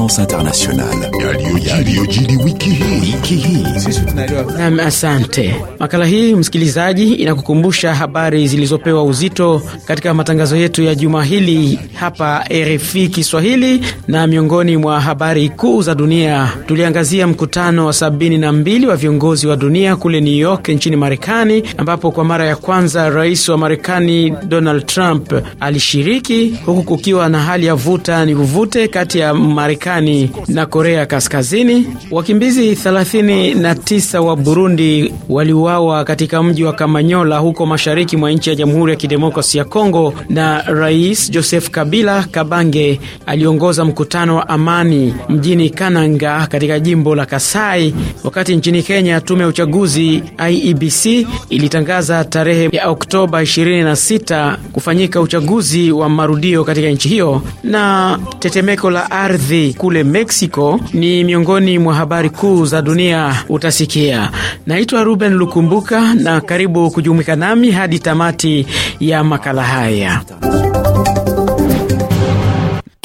France Internationale. Yaliyojiri wiki hii. Wiki hii. asante. Makala hii msikilizaji, inakukumbusha habari zilizopewa uzito katika matangazo yetu ya juma hili hapa RFI Kiswahili, na miongoni mwa habari kuu za dunia tuliangazia mkutano wa 72 wa viongozi wa dunia kule New York nchini Marekani, ambapo kwa mara ya kwanza rais wa Marekani Donald Trump alishiriki huku kukiwa na hali ya vuta ni kuvute kati ya Marekani Marekani na Korea Kaskazini. Wakimbizi 39 wa Burundi waliuawa katika mji wa Kamanyola huko mashariki mwa nchi ya Jamhuri ya Kidemokrasi ya Kongo, na Rais Joseph Kabila Kabange aliongoza mkutano wa amani mjini Kananga katika jimbo la Kasai. Wakati nchini Kenya, tume ya uchaguzi IEBC ilitangaza tarehe ya Oktoba 26 kufanyika uchaguzi wa marudio katika nchi hiyo, na tetemeko la ardhi kule Mexico ni miongoni mwa habari kuu za dunia utasikia. Naitwa Ruben Lukumbuka na karibu kujumuika nami hadi tamati ya makala haya.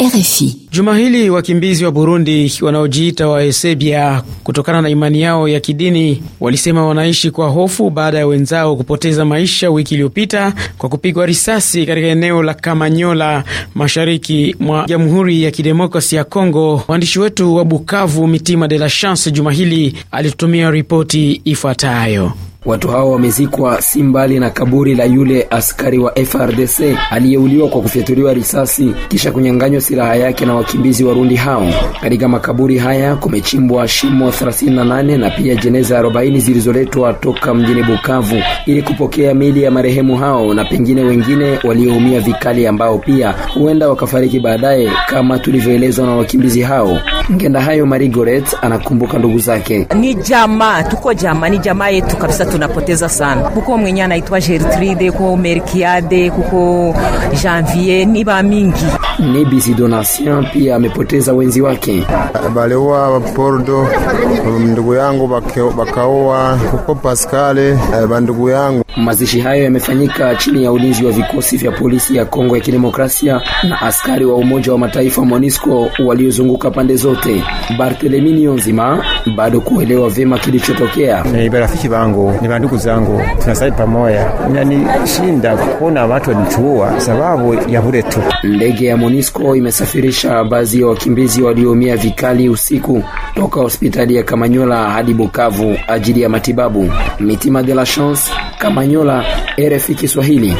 RFI. Juma hili wakimbizi wa Burundi wanaojiita Waesebia kutokana na imani yao ya kidini walisema wanaishi kwa hofu baada ya wenzao kupoteza maisha wiki iliyopita kwa kupigwa risasi katika eneo la Kamanyola mashariki mwa Jamhuri ya Kidemokrasi ya Kongo. Mwandishi wetu wa Bukavu Mitima de la Chance juma hili alitutumia ripoti ifuatayo. Watu hao wamezikwa si mbali na kaburi la yule askari wa FRDC aliyeuliwa kwa kufyatuliwa risasi kisha kunyang'anywa silaha yake na wakimbizi Warundi hao. Katika makaburi haya kumechimbwa shimo 38 na pia jeneza 40 zilizoletwa toka mjini Bukavu ili kupokea mili ya marehemu hao na pengine wengine walioumia vikali ambao pia huenda wakafariki baadaye kama tulivyoelezwa na wakimbizi hao. Ngenda hayo Marigoret anakumbuka ndugu zake. Ni jamaa, tuko jamaa, ni jamaa yetu kabisa tunapoteza sana kuko mwenye anaitwa Gertrude ko Merkiade kuko Janvier ni ba mingi ni bizi donation pia amepoteza wenzi wake baleoa Bordo ndugu yangu bakaoa kuko Pascale eh, bandugu yangu. Mazishi hayo yamefanyika chini ya ulinzi wa vikosi vya polisi ya Kongo ya Kidemokrasia na askari wa Umoja wa Mataifa MONUSCO waliozunguka pande zote. Barthelemy Nyonzima bado kuelewa vyema kilichotokea. Ni barafiki wangu, ni wandugu zangu, tunasali pamoja. Inanishinda kuona watu wanichuua sababu ya bure tu. Ndege ya Monisco imesafirisha baadhi ya wakimbizi walioumia vikali usiku toka hospitali ya Kamanyola hadi Bukavu ajili ya matibabu. Mitima de la Chance, Kamanyola, rf Kiswahili.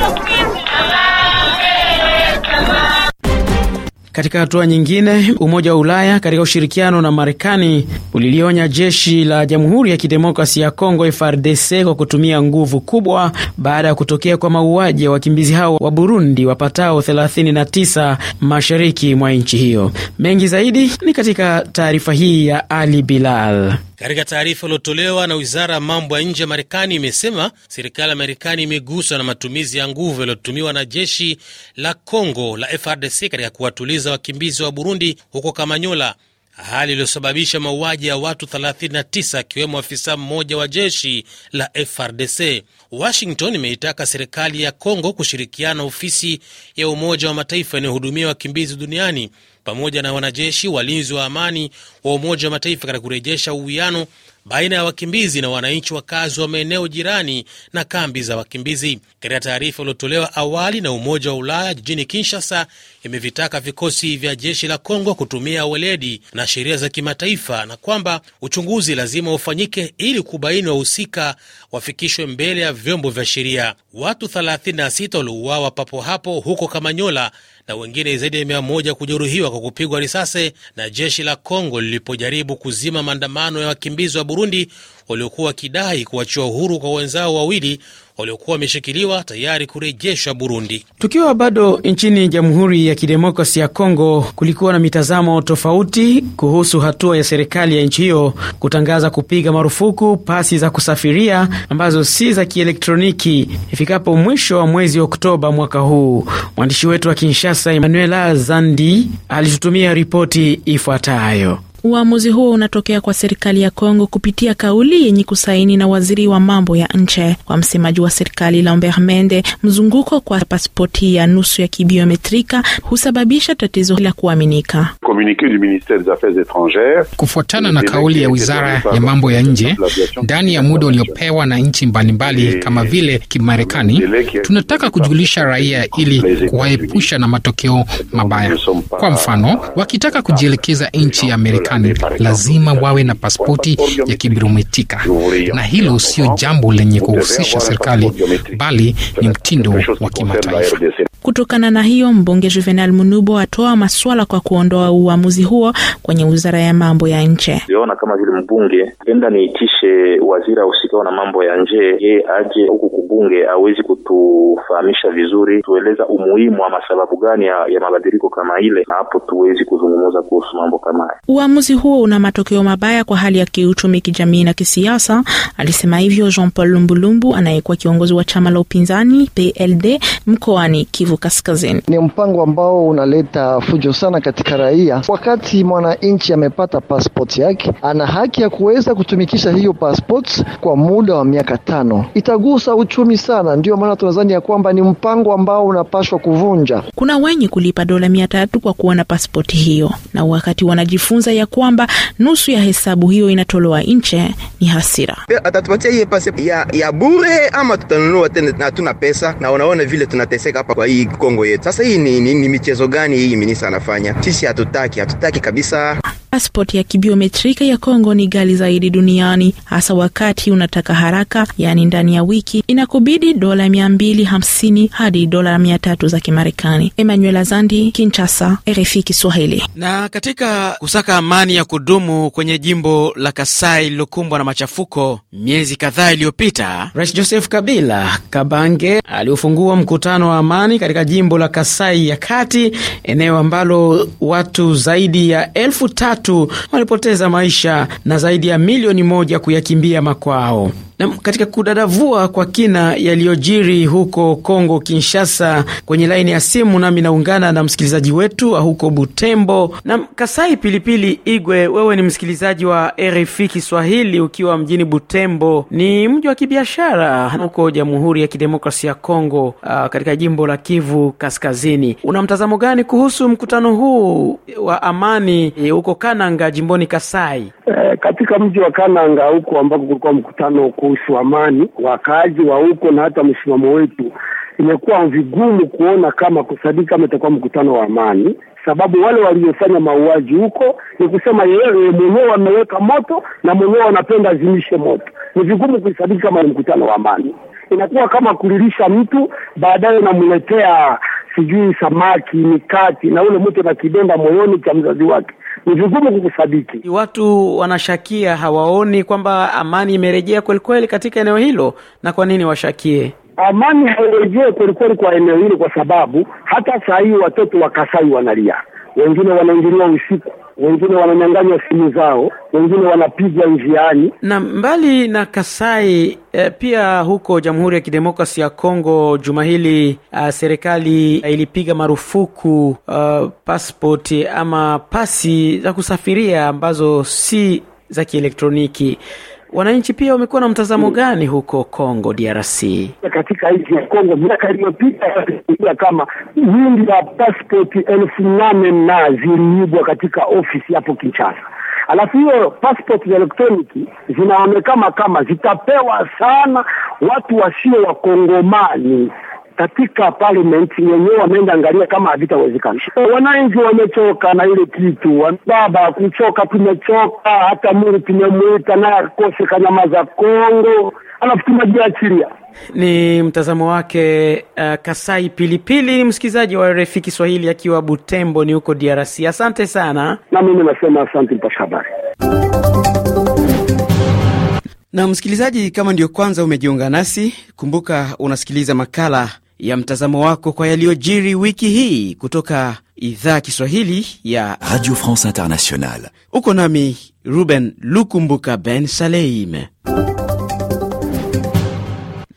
Katika hatua nyingine, Umoja wa Ulaya katika ushirikiano na Marekani ulilionya jeshi la Jamhuri ya Kidemokrasi ya Kongo frdc kwa kutumia nguvu kubwa baada ya kutokea kwa mauaji ya wakimbizi hao wa Burundi wapatao 39 mashariki mwa nchi hiyo. Mengi zaidi ni katika taarifa hii ya Ali Bilal. Katika taarifa iliyotolewa na wizara ya mambo ya nje ya Marekani, imesema serikali ya Marekani imeguswa na matumizi ya nguvu yaliyotumiwa na jeshi la Congo la FRDC katika kuwatuliza wakimbizi wa Burundi huko Kamanyola, hali iliyosababisha mauaji ya watu 39 akiwemo afisa mmoja wa jeshi la FRDC. Washington imeitaka serikali ya congo kushirikiana na ofisi ya Umoja wa Mataifa inayohudumia wakimbizi duniani pamoja na wanajeshi walinzi wa amani wa Umoja wa Mataifa katika kurejesha uwiano baina ya wakimbizi na wananchi wakazi wa maeneo jirani na kambi za wakimbizi. Katika taarifa iliyotolewa awali na Umoja wa Ulaya jijini Kinshasa, imevitaka vikosi vya jeshi la Kongo kutumia weledi na sheria za kimataifa na kwamba uchunguzi lazima ufanyike ili kubaini wahusika wafikishwe mbele ya vyombo vya sheria. Watu 36 waliouawa papo hapo huko Kamanyola na wengine zaidi ya mia moja kujeruhiwa kwa kupigwa risasi na jeshi la Kongo lilipojaribu kuzima maandamano ya wakimbizi wa Burundi waliokuwa wakidai kuachiwa uhuru kwa wenzao wawili waliokuwa wameshikiliwa tayari kurejeshwa Burundi. Tukiwa bado nchini Jamhuri ya Kidemokrasi ya Kongo, kulikuwa na mitazamo tofauti kuhusu hatua ya serikali ya nchi hiyo kutangaza kupiga marufuku pasi za kusafiria ambazo si za kielektroniki ifikapo mwisho wa mwezi Oktoba mwaka huu. Mwandishi wetu wa Kinshasa, emanuela Zandi, alitutumia ripoti ifuatayo. Uamuzi huo unatokea kwa serikali ya Kongo kupitia kauli yenye kusaini na waziri wa mambo ya nje. Kwa msemaji wa serikali Lambert Mende, mzunguko kwa pasipoti ya nusu ya kibiometrika husababisha tatizo la kuaminika. Kufuatana na kauli ya wizara ya mambo ya nje, ndani ya muda uliopewa na nchi mbalimbali kama vile Kimarekani, tunataka kujulisha raia ili kuwaepusha na matokeo mabaya. Kwa mfano, wakitaka kujielekeza nchi ya Marekani Marekani lazima wawe na pasipoti ya kibiometrika, na hilo sio jambo lenye kuhusisha serikali, bali ni mtindo wa kimataifa. Kutokana na hiyo, mbunge Juvenal Munubo atoa maswala kwa kuondoa uamuzi huo kwenye wizara ya mambo ya nje. Ona kama vile mbunge penda niitishe waziri ausikao na mambo ya nje, yeye aje huku kubunge awezi kutufahamisha vizuri, tueleza umuhimu wa masababu gani ya, ya mabadiliko kama ile, na hapo tuwezi kuzungumza kuhusu mambo kama haya. Uamuzi huo una matokeo mabaya kwa hali ya kiuchumi, kijamii na kisiasa, alisema hivyo Jean Paul Lumbulumbu anayekuwa kiongozi wa chama la upinzani PLD mkoani Kivu Kivu Kaskazini. Ni mpango ambao unaleta fujo sana katika raia. Wakati mwananchi amepata passport yake, ana haki ya kuweza kutumikisha hiyo passport kwa muda wa miaka tano. Itagusa uchumi sana, ndiyo maana tunadhani ya kwamba ni mpango ambao unapashwa kuvunja. Kuna wenye kulipa dola mia tatu kwa kuwa na passport hiyo, na wakati wanajifunza ya kwamba nusu ya hesabu hiyo inatolewa nje, ni hasira. Eh, atatupatia hiyo passport ya, ya bure ama tutanunua tena, hatuna pesa na unaona vile tunateseka hapa kwa hii Kongo yetu. Sasa hii ni, ni, ni michezo gani hii minisa anafanya? Sisi hatutaki hatutaki kabisa pasipoti ya kibiometrika ya Kongo ni ghali zaidi duniani, hasa wakati unataka haraka, yaani ndani ya wiki inakubidi dola mia mbili hamsini hadi dola mia tatu za Kimarekani. Emmanuel Azandi, Kinshasa, RFI Kiswahili. Na katika kusaka amani ya kudumu kwenye jimbo la Kasai lililokumbwa na machafuko miezi kadhaa iliyopita, Rais Joseph Kabila Kabange aliofungua mkutano wa amani katika jimbo la Kasai ya kati, eneo ambalo watu zaidi ya elfu tatu watu walipoteza maisha na zaidi ya milioni moja kuyakimbia makwao. Na katika kudadavua kwa kina yaliyojiri huko Kongo Kinshasa, kwenye laini ya simu nami naungana na msikilizaji wetu huko Butembo na Kasai Pilipili Igwe. Wewe ni msikilizaji wa RFI Kiswahili ukiwa mjini Butembo, ni mji wa kibiashara huko Jamhuri ya Kidemokrasia ya Kongo, uh, katika jimbo la Kivu Kaskazini. Una mtazamo gani kuhusu mkutano huu wa amani eh, huko Kananga jimboni Kasai? Eh, katika mji wa Kananga huko ambako kulikuwa mkutano huko kuhusu amani, wakaaji wa huko na hata msimamo wetu, imekuwa vigumu kuona kama kusadiki kama itakuwa mkutano wa amani, sababu wale waliofanya mauaji huko ni kusema yeye mwenyewe ameweka moto na mwenyewe anapenda azimishe moto. Ni vigumu kusadiki kama ni mkutano wa amani inakuwa kama kulilisha mtu baadaye, namletea sijui samaki, mikati na ule mtu na kidonda moyoni cha mzazi wake, ni vigumu kukusadiki. Watu wanashakia, hawaoni kwamba amani imerejea kwelikweli katika eneo hilo. Na kwa nini washakie? Amani hairejee kwelikweli kwa eneo hilo, kwa sababu hata saa hii watoto wa Kasai wanalia wengine wanaingiliwa usiku, wengine wananyang'anywa simu zao, wengine wanapigwa njiani. Na mbali na Kasai eh, pia huko Jamhuri ya Kidemokrasi ya Kongo juma hili eh, serikali eh, ilipiga marufuku eh, pasipoti ama pasi za kusafiria ambazo si za kielektroniki. Wananchi pia wamekuwa na mtazamo gani huko Kongo DRC? Katika nchi ya Kongo miaka iliyopita kama wingi ya paspoti elfu nane na ziliibwa katika ofisi hapo Kinshasa. Alafu hiyo passport za elektroniki zinaonekana kama zitapewa sana watu wasio wakongomani katika parliament yenyewe wameenda angalia kama havitawezekana. Wananchi wamechoka na ile kitu, baba kuchoka, tumechoka. Hata Mungu tumemwita na akose za Kongo, alafu tunajiachilia. Ni mtazamo wake uh, Kasai Pilipili, ni msikilizaji wa RFI Kiswahili akiwa Butembo ni huko DRC. Asante sana, na mimi nasema asante mpasha habari na msikilizaji, kama ndio kwanza umejiunga nasi, kumbuka unasikiliza makala ya mtazamo wako kwa yaliyojiri wiki hii kutoka idhaa Kiswahili ya Radio France Internationale. Uko nami Ruben Lukumbuka Ben Saleim.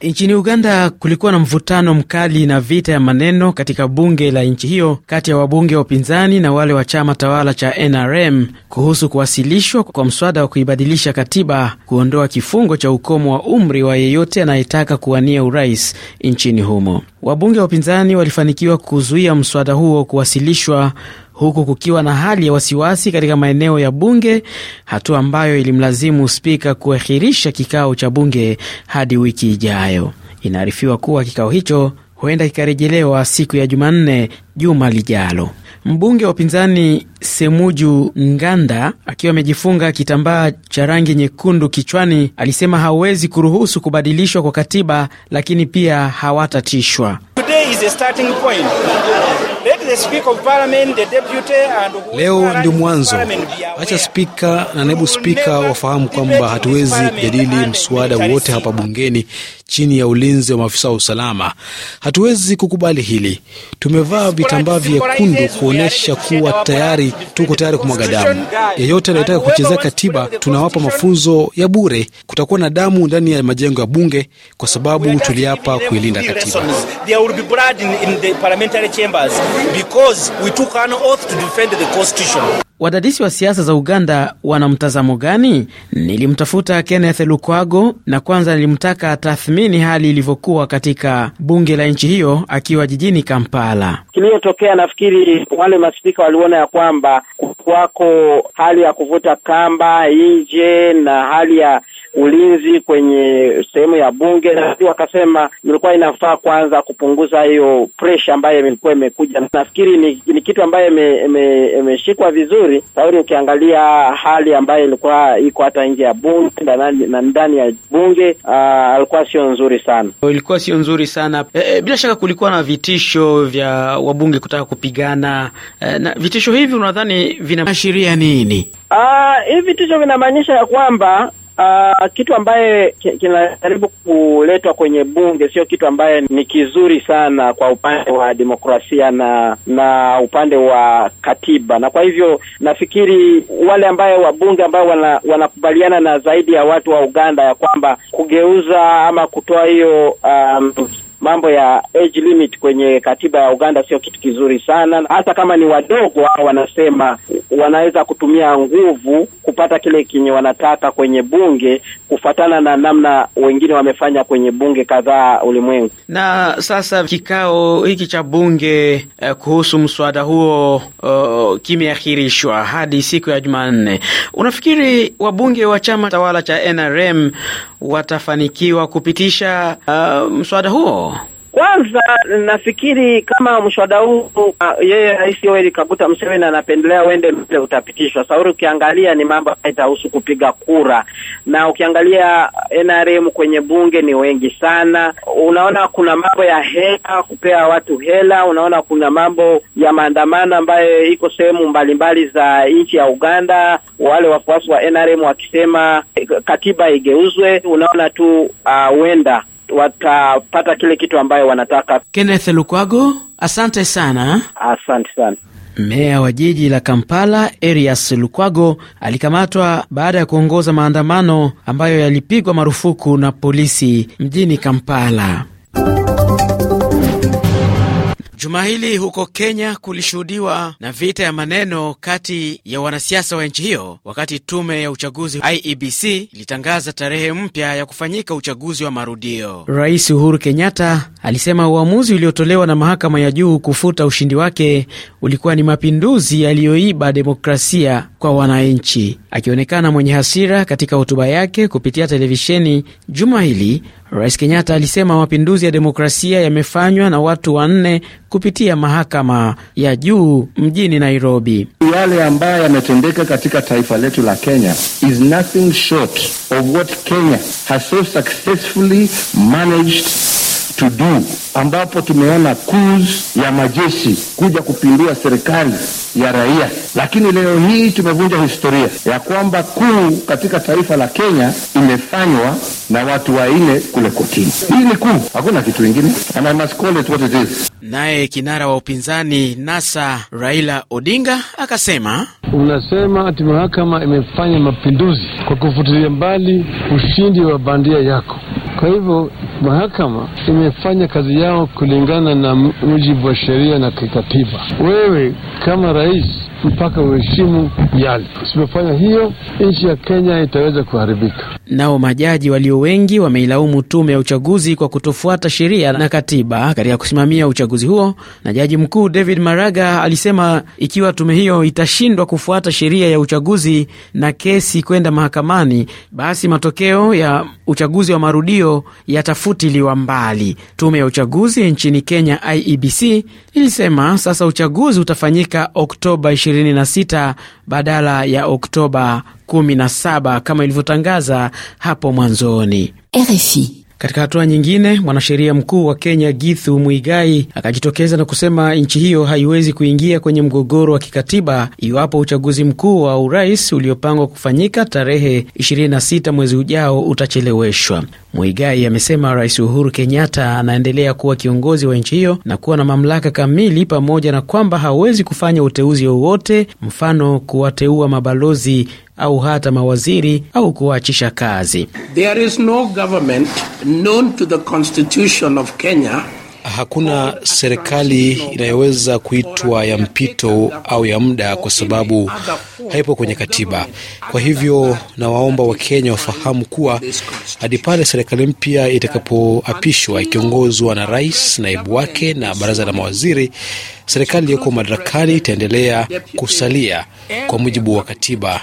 Nchini Uganda kulikuwa na mvutano mkali na vita ya maneno katika bunge la nchi hiyo kati ya wabunge wa upinzani na wale wa chama tawala cha NRM kuhusu kuwasilishwa kwa mswada wa kuibadilisha katiba kuondoa kifungo cha ukomo wa umri wa yeyote anayetaka kuwania urais nchini humo. Wabunge wa upinzani walifanikiwa kuzuia mswada huo kuwasilishwa huku kukiwa na hali ya wasiwasi katika maeneo ya bunge, hatua ambayo ilimlazimu spika kuahirisha kikao cha bunge hadi wiki ijayo. Inaarifiwa kuwa kikao hicho huenda kikarejelewa siku ya Jumanne juma lijalo. Mbunge wa upinzani Semuju Nganda akiwa amejifunga kitambaa cha rangi nyekundu kichwani alisema hawezi kuruhusu kubadilishwa kwa katiba, lakini pia hawatatishwa. Today is a starting point. Leo ndio mwanzo. Acha spika na naibu spika wafahamu kwamba hatuwezi kujadili mswada wote hapa bungeni chini ya ulinzi wa maafisa wa usalama. Hatuwezi kukubali hili. Tumevaa vitambaa vyekundu kuonyesha kuwa tayari tuko tayari kumwaga damu. Yeyote anayetaka kuchezea katiba, tunawapa mafunzo ya bure. Kutakuwa na damu ndani ya majengo ya bunge kwa sababu tuliapa kuilinda katiba. Wadadisi wa siasa za Uganda wana mtazamo gani? Nilimtafuta Kenneth Lukwago na kwanza nilimtaka tathmini hali ilivyokuwa katika bunge la nchi hiyo akiwa jijini Kampala. Kiliyotokea, nafikiri wale maspika waliona ya kwamba kuwako hali ya kuvuta kamba nje na hali ya ulinzi kwenye sehemu ya bunge, na wakasema ilikuwa inafaa kwanza kupunguza hiyo pressure ambayo ilikuwa imekuja. Nafikiri ni, ni kitu ambayo imeshikwa vizuri sauri, ukiangalia hali ambayo ilikuwa iko hata nje ya bunge na ndani ya bunge ah, alikuwa sio nzuri sana, ilikuwa sio nzuri sana e, e, bila shaka kulikuwa na vitisho vya wabunge kutaka kupigana e, na vitisho hivi unadhani vinaashiria nini? Ah, hivi vitisho vinamaanisha ya kwamba Uh, kitu ambaye kinajaribu kuletwa kwenye bunge sio kitu ambaye ni kizuri sana kwa upande wa demokrasia na na upande wa katiba, na kwa hivyo nafikiri wale ambaye wabunge ambao wana, wanakubaliana na zaidi ya watu wa Uganda ya kwamba kugeuza ama kutoa hiyo um, mambo ya age limit kwenye katiba ya Uganda sio kitu kizuri sana, hata kama ni wadogo hao. Wanasema wanaweza kutumia nguvu kupata kile kinye wanataka kwenye bunge, kufatana na namna wengine wamefanya kwenye bunge kadhaa ulimwengu. Na sasa kikao hiki cha bunge eh, kuhusu mswada huo oh, kimeahirishwa hadi siku ya Jumanne. Unafikiri wabunge wa chama tawala cha NRM watafanikiwa kupitisha uh, mswada huo? Kwanza nafikiri kama mshwada huu uh, yeye Rais Yoweri Kaguta Museveni anapendelea uende mbele, utapitishwa. Sauri ukiangalia ni mambo ambayo itahusu kupiga kura, na ukiangalia NRM kwenye bunge ni wengi sana. Unaona kuna mambo ya hela, kupea watu hela. Unaona kuna mambo ya maandamano ambayo iko sehemu mbalimbali za nchi ya Uganda, wale wafuasi wa NRM wakisema katiba igeuzwe. Unaona tu uh, huenda uh, watapata kile kitu ambayo wanataka. Kenneth Lukwago, asante sana. Asante sana. Meya wa jiji la Kampala Erias Lukwago alikamatwa baada ya kuongoza maandamano ambayo yalipigwa marufuku na polisi mjini Kampala. Juma hili huko Kenya kulishuhudiwa na vita ya maneno kati ya wanasiasa wa nchi hiyo, wakati tume ya uchaguzi IEBC ilitangaza tarehe mpya ya kufanyika uchaguzi wa marudio. Rais Uhuru Kenyatta alisema uamuzi uliotolewa na mahakama ya juu kufuta ushindi wake ulikuwa ni mapinduzi yaliyoiba demokrasia kwa wananchi. Akionekana mwenye hasira katika hotuba yake kupitia televisheni juma hili, Rais Kenyatta alisema mapinduzi ya demokrasia yamefanywa na watu wanne kupitia mahakama ya juu mjini Nairobi. Yale ambayo yametendeka katika taifa letu la Kenya is nothing short of what Kenya has so successfully managed to do, ambapo tumeona kuz ya majeshi kuja kupindua serikali ya raia, lakini leo hii tumevunja historia ya kwamba kuu katika taifa la Kenya imefanywa na watu wanne kule kotini. Hii ni kuu, hakuna kitu ingine. And I must call it what it is. Naye kinara wa upinzani NASA Raila Odinga akasema, unasema ati mahakama imefanya mapinduzi kwa kufutilia mbali ushindi wa bandia yako, kwa hivyo mahakama ime wamefanya kazi yao kulingana na mujibu wa sheria na kikatiba. Wewe kama rais mpaka uheshimu yale. Usipofanya hiyo, nchi ya Kenya itaweza kuharibika. Nao majaji walio wengi wameilaumu tume ya uchaguzi kwa kutofuata sheria na katiba katika kusimamia uchaguzi huo, na jaji mkuu David Maraga alisema ikiwa tume hiyo itashindwa kufuata sheria ya uchaguzi na kesi kwenda mahakamani, basi matokeo ya uchaguzi wa marudio yatafutiliwa mbali. Tume ya uchaguzi nchini Kenya, IEBC, ilisema sasa uchaguzi utafanyika Oktoba 26 badala ya Oktoba 17 kama ilivyotangaza hapo mwanzoni. RFI. Katika hatua nyingine, mwanasheria mkuu wa Kenya Githu Muigai akajitokeza na kusema nchi hiyo haiwezi kuingia kwenye mgogoro wa kikatiba iwapo uchaguzi mkuu wa urais uliopangwa kufanyika tarehe 26 mwezi ujao utacheleweshwa. Muigai amesema Rais Uhuru Kenyatta anaendelea kuwa kiongozi wa nchi hiyo na kuwa na mamlaka kamili, pamoja na kwamba hawezi kufanya uteuzi wowote, mfano kuwateua mabalozi au hata mawaziri au kuachisha kazi. There is no government known to the Constitution of Kenya Hakuna serikali inayoweza kuitwa ya mpito au ya muda kwa sababu haipo kwenye katiba. Kwa hivyo, nawaomba Wakenya wafahamu kuwa hadi pale serikali mpya itakapoapishwa ikiongozwa na rais, naibu wake na baraza la mawaziri, serikali iliyoko madarakani itaendelea kusalia kwa mujibu wa katiba.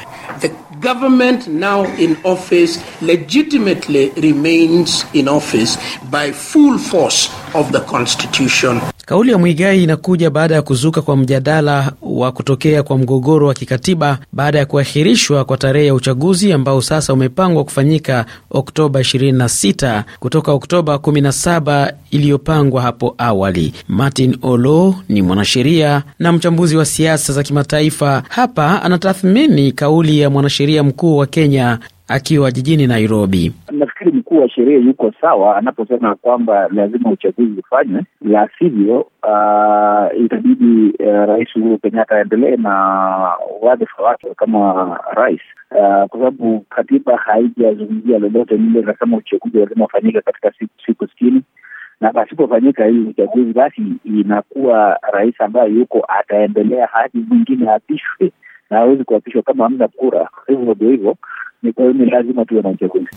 government now in office legitimately remains in office by full force of the Constitution. Kauli ya Mwigai inakuja baada ya kuzuka kwa mjadala wa kutokea kwa mgogoro wa kikatiba baada ya kuahirishwa kwa tarehe ya uchaguzi ambao sasa umepangwa kufanyika Oktoba 26 kutoka Oktoba 17 iliyopangwa hapo awali. Martin Olo ni mwanasheria na mchambuzi wa siasa za kimataifa. Hapa anatathmini kauli ya mwanasheria mkuu wa Kenya akiwa jijini Nairobi mkuu wa sheria yuko sawa anaposema kwamba lazima uchaguzi ufanywe, la sivyo uh, itabidi uh, Rais Uhuru Kenyatta aendelee na wadhifa wake kama rais uh, kwa sababu katiba haijazungumzia lolote lile nasema kama uchaguzi lazima ufanyike katika siku siku sitini na pasipofanyika hii uchaguzi, basi inakuwa rais ambaye yuko ataendelea hadi mwingine apishwe na hawezi kuapishwa kama hamna kura. Hivyo ndio hivyo, ni kwa hiyo ni lazima tuwe na uchaguzi.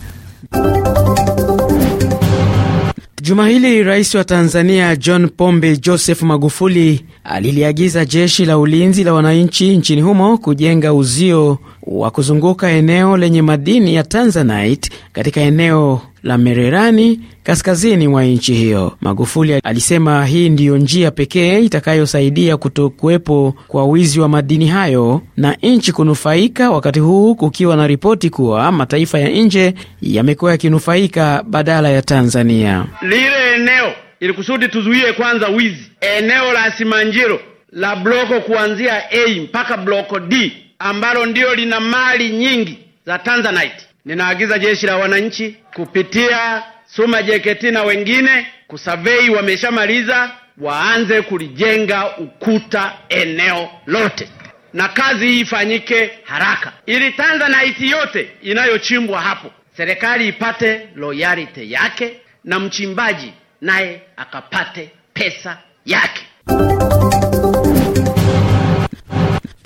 Juma hili rais wa Tanzania John Pombe Joseph Magufuli aliliagiza jeshi la ulinzi la wananchi nchini humo kujenga uzio wa kuzunguka eneo lenye madini ya Tanzanite katika eneo la Mererani kaskazini mwa nchi hiyo. Magufuli alisema hii ndiyo njia pekee itakayosaidia kutokuwepo kwa wizi wa madini hayo na nchi kunufaika, wakati huu kukiwa na ripoti kuwa mataifa ya nje yamekuwa yakinufaika badala ya Tanzania. Lile eneo ili kusudi tuzuie kwanza wizi, eneo la Simanjiro la bloko kuanzia A mpaka bloko D ambalo ndio lina mali nyingi za Tanzanite Ninaagiza jeshi la wananchi kupitia SUMA JKT na wengine kusavei, wameshamaliza, waanze kulijenga ukuta eneo lote, na kazi hii ifanyike haraka ili tanzanite yote inayochimbwa hapo serikali ipate royalty yake na mchimbaji naye akapate pesa yake.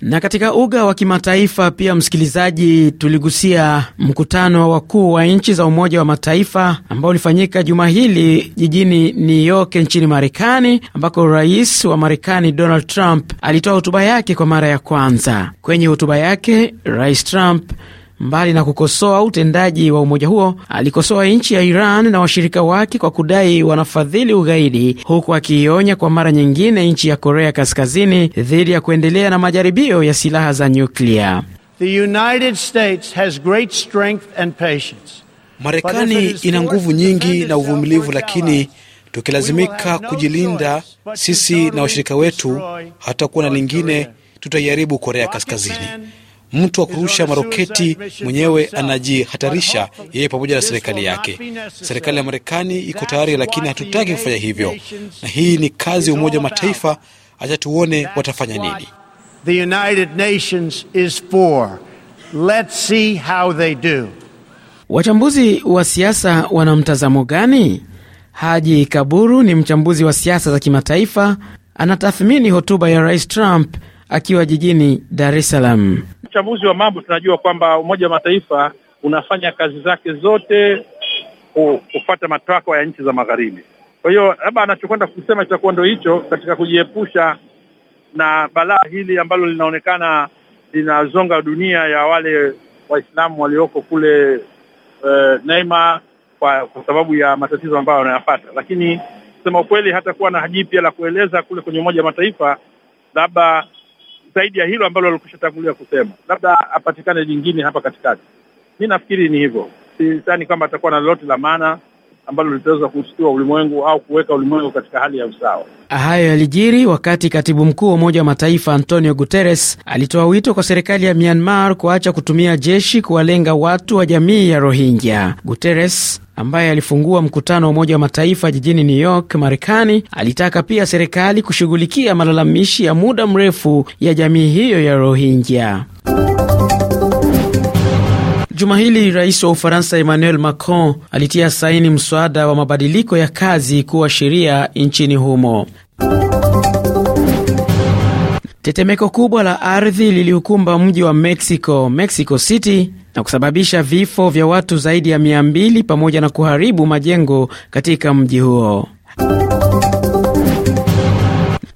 Na katika uga wa kimataifa pia, msikilizaji, tuligusia mkutano wa wakuu wa nchi za Umoja wa Mataifa ambao ulifanyika juma hili jijini New York nchini Marekani, ambako rais wa Marekani Donald Trump alitoa hotuba yake kwa mara ya kwanza. Kwenye hotuba yake, Rais Trump Mbali na kukosoa utendaji wa umoja huo, alikosoa nchi ya Iran na washirika wake kwa kudai wanafadhili ugaidi, huku akiionya kwa mara nyingine nchi ya Korea Kaskazini dhidi ya kuendelea na majaribio ya silaha za nyuklia. Marekani ina nguvu nyingi na uvumilivu, lakini tukilazimika kujilinda sisi na washirika wetu, hatakuwa na lingine, tutaiharibu Korea Kaskazini. Mtu wa kurusha maroketi mwenyewe anajihatarisha yeye pamoja na serikali yake. Serikali ya Marekani iko tayari, lakini hatutaki kufanya hivyo, na hii ni kazi ya Umoja wa Mataifa. Acha tuone watafanya nini. The United Nations is for. Let's see how they do. Wachambuzi wa siasa wana mtazamo gani? Haji Kaburu ni mchambuzi wa siasa za kimataifa, anatathmini hotuba ya Rais Trump akiwa jijini Dar es Salaam wachambuzi wa mambo tunajua kwamba Umoja wa Mataifa unafanya kazi zake zote kufuata matakwa ya nchi za magharibi. Kwa hiyo labda anachokwenda kusema itakuwa ndo hicho katika kujiepusha na balaa hili ambalo linaonekana linazonga dunia ya wale Waislamu walioko kule e, eh, Neima kwa, kwa sababu ya matatizo ambayo wanayapata, lakini kusema ukweli hata kuwa na jipya la kueleza kule kwenye Umoja wa Mataifa, labda zaidi ya hilo ambalo alikushatangulia kusema, labda apatikane jingine hapa katikati. Mi nafikiri ni hivyo, sidhani kwamba atakuwa na lolote la maana ambalo litaweza kushtua ulimwengu au kuweka ulimwengu katika hali ya usawa. Hayo yalijiri wakati katibu mkuu wa Umoja wa Mataifa Antonio Guterres alitoa wito kwa serikali ya Myanmar kuacha kutumia jeshi kuwalenga watu wa jamii ya Rohingya. Guterres ambaye alifungua mkutano wa Umoja wa Mataifa jijini New York, Marekani, alitaka pia serikali kushughulikia malalamishi ya muda mrefu ya jamii hiyo ya Rohingya. Juma hili rais wa Ufaransa Emmanuel Macron alitia saini mswada wa mabadiliko ya kazi kuwa sheria nchini humo. Tetemeko kubwa la ardhi liliukumba mji wa Mexico, Mexico City, na kusababisha vifo vya watu zaidi ya 200 pamoja na kuharibu majengo katika mji huo.